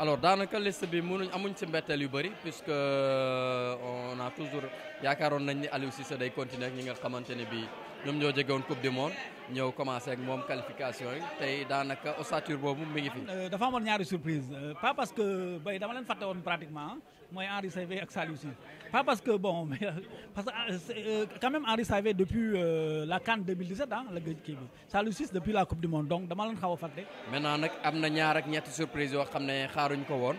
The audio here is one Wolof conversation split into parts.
alors daanaka liste bi mënuñ amuñ ci mbetteel yu bëri puisque euh, on a toujours yaakaaroon nañ ni Aliou Cissé day continuer ak ñi nga xamante ne bii ñoom ñoo jegewoon coupe du monde ñëw commencé ak moom qualification yi tey daanaka ossature boobu mu ngi fi. Euh, dafa amoon ñaari surprise euh, pas parce que bay dama leen fàtte woon pratiquement. Moi, Henri Saivet ak Saliou Ciss pas parce que bon mais parce que euh, euh, quand même Henri Saivet depuis euh, la CAN 2017 hein, le gëj kii bi depuis la coupe du monde donc dama leen xaw a fàtte. maintenant nag am na ñaar ak ñetti surprise yoo xam ne xaaruñ ko woon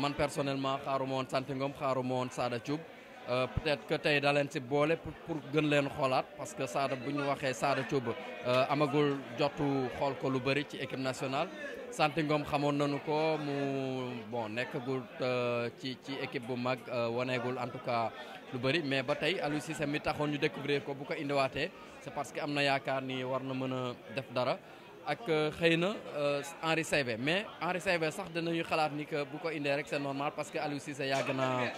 man personnellement xaaruma woon Santingom xaaruma woon Sada Thioub Euh, peut-être que tey da leen si boole pour gën leen xoolaat parce que Sada bu ñu waxee Sada Thioub euh, amagul jotu xool ko lu bëri ci équipe nationale. Santy Ngom xamoon nanu ko mu bon nekkagul euh, ci ci équipe bu mag waneegul en tout cas lu bari mais ba tey Aliou Cissé mi taxoon ñu découvrir ko bu ko indiwaatee c'est parce que am na yaakaar ni war na mën a def dara. ak xëy na Henri Saivet mais Henri Saivet sax dinañu xalaat ni que bu ko indee rek c'est normal parce que Aliou yàgg naa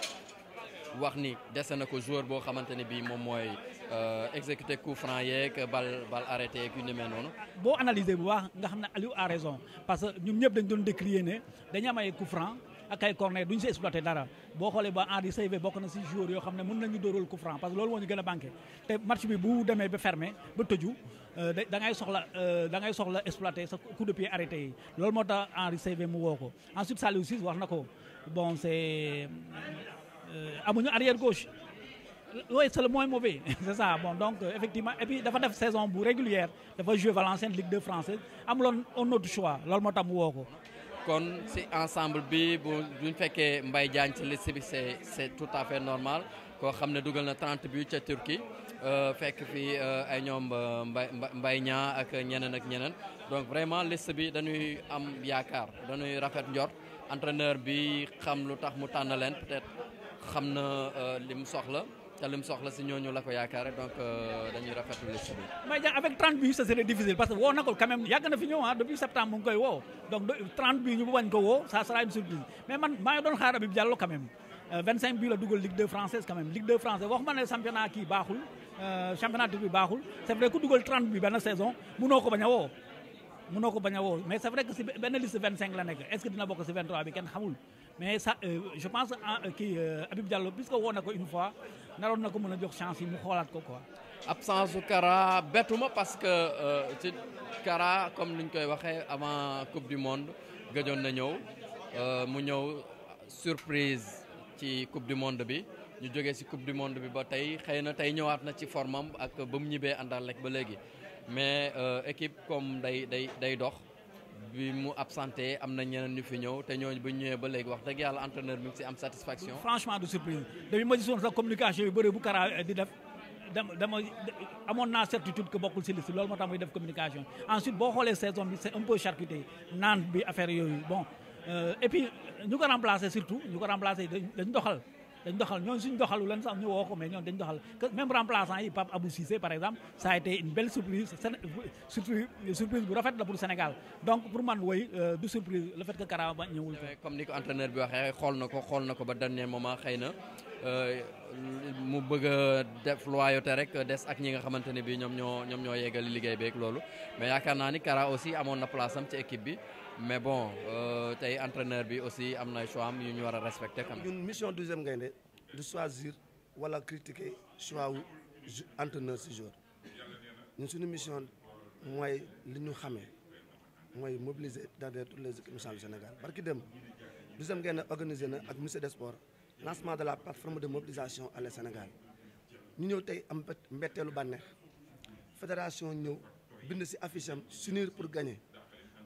wax ni dese na ko joueur bo xamantene bi mom moy euh exécuter coup franc yeeg bal bal arrêté yeeg yu demee non bo analyser bu wax nga xam Aliou a raison parce que ñun ñep dañ doon décrier né dañ am ay coup franc ak ay corner duñ si exploité dara bo xolé ba Henri save bok na ci joueur yo xam mën nañu dóoral coup franc parce que loolu moo ñu gën a banqué match bi bu démé ba fermé ba tëju. Euh, da ngay soxla euh, da ngay soxla exploité sa coup de pied arrêté yi loolu moo tax Henri mu woko ko ensuite Saliou Ciss wax nako bon c'est euh, amuñu arrière gauche oui c'est le moins mauvais c'est ça bon donc euh, effectivement et puis dafa def saison bu régulière dafa jouer Valenciennes Ligue 2 française amuloon un autre choix loolu moo tax mu woo ko. kon si ensemble bi bu ñu fekkee Mbaye Diagne ci liste bi c'est c'est tout à fait normal koo xam ne dugal na 30 buts ca Turquie euh, fekk fi ay a Mbaye Mbaye Niang ak ñeneen ak ñeneen donc vraiment liste bi dañuy am yaakaar dañuy rafet njort entraîneur bi xam lu tax mu tànn peut-être xamna na euh, li soxla ta lim mu soxla si ñooñu la ko yaakaare donc euh, dañuy rafetlu le si bi mais jàng avec 30 buts ça serait difficile parce que wo na quand même yàgg na fi ñoo ah depuis septembre mu koy wo donc 30 buts ñu bu bañ ko wo ça sera une surprise mais man maa doon xaar abib Diallo quand même 25 euh, buts la dugal Ligue 2 française quand même Ligue 2 française wax waxuma ne championnat ki baaxul championnat bi baaxul c'est vrai ku dugal 30 buts benn saison mënoo ko baña wo mënoo ko bañ a woo mais c' vrai que si benn liste 25 la nekk est ce que dina bokk si 23 bi kenn xamul mais ça euh, je pense ah, euh, kii euh, Habib Diallo puisque woo na ko une fois naroon na ko mën a jox chance yi mu xoolaat ko quoi. absence su Kara bettuma parce que ci Kara comme ni ñu koy waxee avant coupe du monde gëjoon na ñëw mu ñëw surprise ci coupe du monde bi ñu jógee si coupe du monde bi ba tey xëy na tey ñëwaat na ci formam ak ba mu ñibbee àndaale ba léegi mais euh, équipe comme day day day dox bi mu absenté am na ñeneen ñu fi ñëw te ñoo bu ñu ba légui wax dëgg yàlla entraîneur mi ci am satisfaction. franchement de surprise dañu ma gisoon sa communication yu bëri bu Kara euh, di def dama dama amoon naa certitude que bokkul si liste loolu moo tax muy def communication ensuite boo xoolee saison bi c'est un peu charcuté naan bi affaire yooyu bon euh, et puis ñu ko remplacer surtout ñu ko remplacer dañu doxal. dañ doxal ñoom suñ doxalu lan sax ñu woo ko mais ñoom dañ doxal même remplaçant yi Pape Abou Cissé par exemple ça a été une belle surprise surprise bu rafet la pour Sénégal donc pour man woy euh, du surprise le fait que Karamba ñëwul comme ni ko entraîneur bi waxee xool na ko xool na ko ba dernier moment xëy na euh, mu bëgg a def loyauté rek des ak ñi nga xamante ne bi ñoom ñoo ñoom ñoo yeggali liggéey beeg loolu mais yaakaar naa ni Kara aussi amoon na place am ci équipe bi mais bon euh, tay entraîneur bi aussi amna choix am yu ñu war respecté. mission deuxième gagne, de choisir wala critiquer choix entraîneur ce jour ñun une mission moy li ñu xamé mobiliser dans toutes les équipes du Sénégal barki dem deuxième gagne organisée avec ak ministère des sports lancement de la plateforme de mobilisation au Sénégal ñu avons tay am mbettelu La fédération ñew bind ci affiche s'unir pour gagner.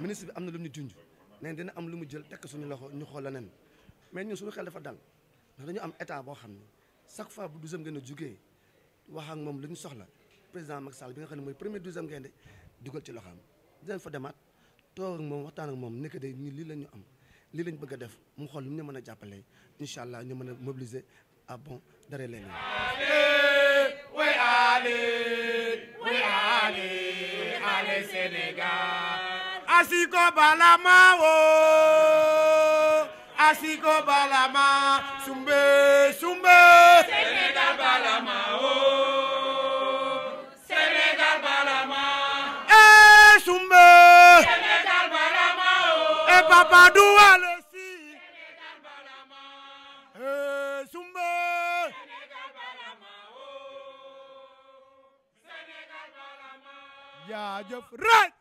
ministre amna lu ñu junj né dina am lu mu jël tek suñu loxo ñu xol lanen mais ñu suñu xel dafa dal ndax dañu am état bo xamni chaque fois bu deuxième gaynde juggé wax ak mom lu ñu soxla président Macky Sall bi nga xamni moy premier deuxième gaynde duggal ci loxam dañ fa demat toog ak mom waxtaan ak moom nekk day ñun li lañu am li lañ bëgg def mu xol lu ñu mëna jappalé inshallah ñu mëna mobiliser à bon dara leen way Ali we Ali Ali Senegal. àsìkò balama oh. o àsìkò balama sunbe sunbe. Senegal balama o oh. Senegal balama. ee eh, sunbe. Senegal balama o. Oh. e eh, papa duwa le si. Senegal balama. ee eh, sunbe. Senegal balama o Senegal balama. jaajëf rek.